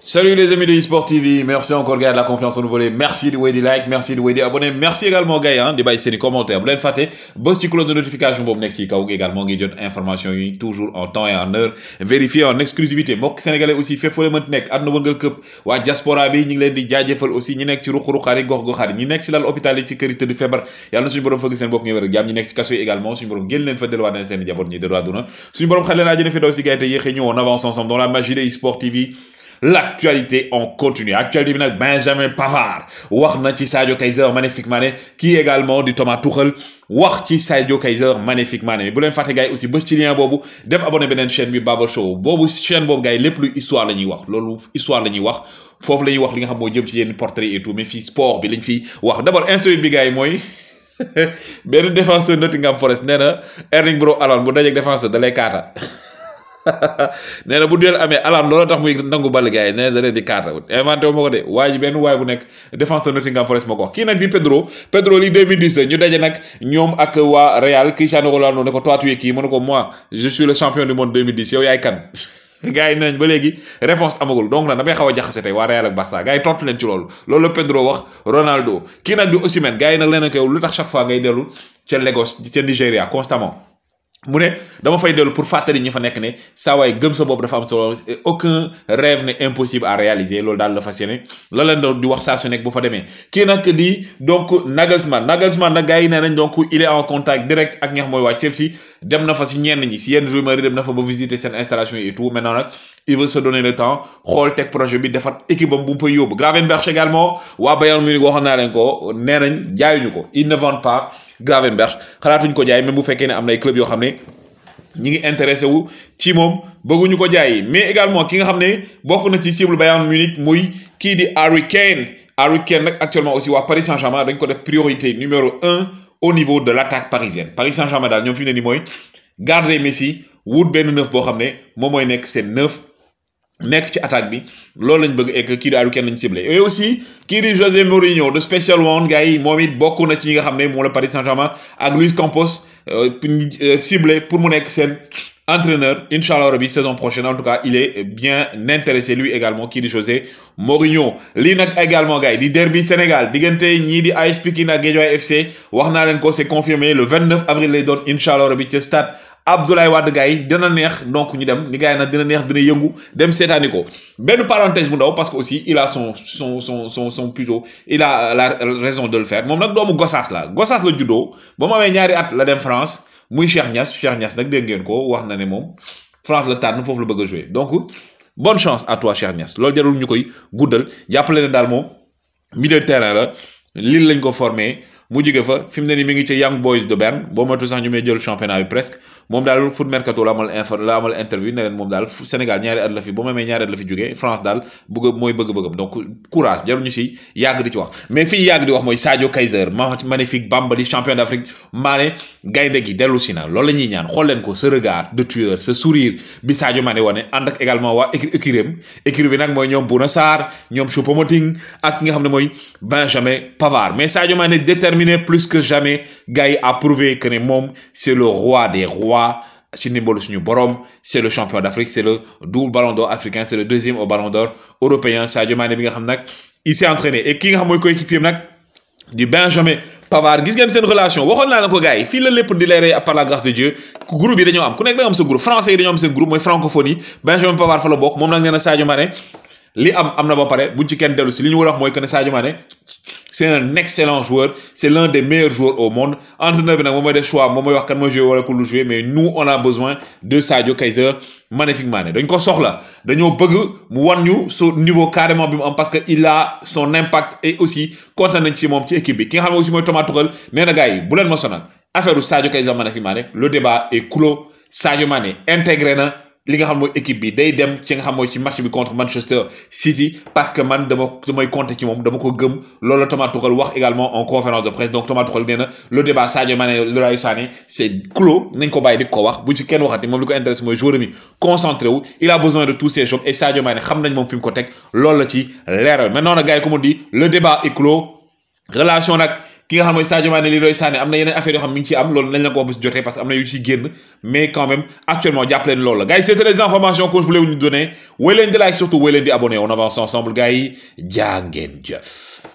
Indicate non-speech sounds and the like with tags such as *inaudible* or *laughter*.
Salut les amis de eSport TV, merci encore gars de la confiance renouvelée, merci de des like, merci de des abonner, merci également gars hein, de baisser les commentaires, vous faté, boss du de notification pour nek ci kaw également ngi jot information yi toujours en temps et en heure, vérifié en exclusivité. Mbokk sénégalais aussi fépp le meut nek adna wëngal Cup, wa diaspora bi ñi ngi leen di jaajeufal aussi ñi nek ci ruxu ruxari gox goxari ñi nek ci l'hôpital hôpital yi ci kër yi febar, yalla suñu borom fëgg seen bop vers wër jam ñi nek ci kasso également suñu borom gën leen fa delwa dans seen jabor ñi de droit duna. Suñu borom xalé na jëne fi gars ci gaay té yéxé ñëw on avance ensemble dans la magie de eSport TV l'actualité on continue actualité Benjamin Pavard wax na Sadio Kaiser magnifique ne qui également dit Thomas Tuchel wax ci Sadio Kaiser magnifiquement ne bu leen fàtte gars aussi vous ci lien boobu dem abonné beneen chaîne bi Baba Show Bobo, chaîne boobu gars Les lépp lu histoire la ñuy wax loolu histoire la ñuy wax foofu la ñuy wax li nga xam moo jëm ci portrait et tout mais fi sport bi lañ d'abord un seul gars moi. Mais le défenseur Nottingham Forest nee Erling Bro Haaland bu dajeeg défenseur de l'écart. *laughs* nee na bu duel amee alarme looloo tax muy nangu ball gars yi nee na di kaata inventé wu ma ko de waa benn waay bu nekk défenseur Nottingham Forest moo ko wax kii nag di Pedro Pedro li 2010 ñu daje nag ñoom ak waa Real Cristiano Ronaldo ko toi tu ne *laughs* nañ ba léegi réponse amagul donc nag damay xaw a jaxase tey waa Real ak Barça gars yi tontu leen ci loolu loolu la Pedro wax Ronaldo kii nag di Osimhen gars yi nag leen ak lu tax chaque fois mu ne dama fay dellu pour fàttali ñu fa nekk ne gëm sa aucun rêve n'est impossible à réaliser loolu daal la la leen ce di wax saa su nekk bu fa donc Nagelsmann Nagelsmann donc il est en contact direct ak ñax mooy Chelsea dem na fa si ñenn ñi si yi dem visiter installation et tout il veut se donner le temps xol tek projet bi defat équipe am bu fa yob Gravenberch également à Bayern Munich waxoon na len ko nenañ jaayuñu ko il ne vend pas Gravenberch xalaatuñ ko jaay même bu fekkee ne am nay club yo xamné ñi ngi intéressé wu ci mom bëgguñu ko jaay mais également ki nga xamné bokku na ci cible Bayern Munich muy ki di Harry Kane Harry Kane nak actuellement aussi wa Paris Saint-Germain dañ ko def priorité numéro 1 au niveau de l'attaque parisienne Paris Saint-Germain daal ñoom fi ne nii garder Messi wut ben neuf pour xamné mom moy nekk neuf nek ci attaque bi loolu lañ bëgg ek lañ ciblé et aussi kiri José Mourinho de Special One gars yi moom it bokk na ci nga la Paris Saint-Germain ak Luis Campos euh, euh, ciblé pour mu nekk entraîneur Inshallah la saison prochaine en tout cas il est bien intéressé lui également kiri José Mourinho li également gars di derby Sénégal diggante ñii di AS Pikine FC wax naa ko c'est confirmé le 29 avril lay doon Inshallah ca stade. Abdoulaye Wade Gaye dina neex donc ñu dem ni gars yi dina neex dina yëngu dem seetaani ko benn parenthèse bu ndaw parce que aussi il a son son son son son plutôt il a la raison de le faire mom nak doomu Gossas la Gossas la juddoo ba mu amee ñaari at la dem France muy Cheikh Niass Cheikh Niass nak dégg ngeen ko wax na né mom France la tànn fofu la bëgg jouer donc bonne chance à toi Cheikh Niass loolu jarul ñukoy guddal jappalé ne daal moom milieu terrain la Lille lañ ko former mu jóge fa fi mu ne nii mi ngi ci Young Boys de Berne boo moytu sax ñu may jël championnat bi presque moom daal foot mercato la amal info la amal interview ne leen moom daal Sénégal ñaari at la fi ba mu amee ñaari at la fi jógee France daal bëgg mooy bëgg-bëggam donc courage jaruñu si yàgg di ci wax mais fi ñu yàgg di wax mooy Sadio Kaiser magnifique Bambali champion d'Afrique Mané gaynde gi dellu si na loolu la ñuy ñaan xool leen ko ce regard de tueur ce sourire bi Sadio Mané wane ànd ak également waa écurie écurie bi nag mooy ñoom Bouna Sarr ñoom Choupo-Moting ak ki nga xam ne mooy Benjamin Pavard mais Sadio Mané déter plus que jamais Guy a prouvé que les c'est le roi des rois c'est le champion d'Afrique c'est le double ballon d'or africain c'est le deuxième au ballon d'or européen Sadio Mané bi nga il s'est entraîné et qui est mon coéquipier du Benjamin Pavard qui ngeen une relation waxoon naa la ko gars a par la grâce de Dieu groupe yi dañoo am ku nekk am groupe français yi un groupe francophone. francophonie Benjamin Pavard fa bok Mon moom nag Sadio Mané li am am na ba pare buñ ci kenn dellu si li ñu a wax mooy que ne Sadio Mané c'est un excellent joueur c'est l'un des meilleurs joueurs au monde entraîneur bi nag moom mooy def choix moom mooy wax kan mooy jouer wala ku lu jouer mais nous on a besoin de Sadio Kaiser magnifique Mané dañ ko soxla dañoo bëgg mu wan ñu su niveau carrément bi mu am parce que il a son impact et aussi kontaan nañ ci moom ci équipe bi ki nga xam ne aussi mooy Thomas Tuchel nee na gars yi bu leen ma sonal affaire Sadio Kaiser magnifique Mané le débat est clos Sadio Mané intégré na li nga xam mooy équipe bi day dem ci nga xam mooy ci match bi contre Manchester City parce que man dama damay compter ci moom dama ko gëm loolu Thomas Tuchel wax également en conférence de presse donc Thomas Tuchel nee na le débat Sadio Mané le Sané c'est clos nañ ko bàyyi di ko wax bu ci kenn waxati moom li ko intéresse mooy joueur mi concentré wu il a besoin de tous ses jobs et Sadio Mane xam nañ moom fi mu ko teg loolu la ci leeral maintenant nag gars yi comme on dit le débat est clos relation nag ki nga xam mooy Sadio Mané Leroy Sané am na yeneen affaire yoo xam mi ngi ciy am loolu nañ la ko bu si jotee parce que am na yu ciy génn mais quand même actuellement jàpp leen loolu la gars yi c'était les informations que je voulais vous donner wéy leen di like surtout wéy leen di abonné on avance ensemble gars yi jaa ngeen jëf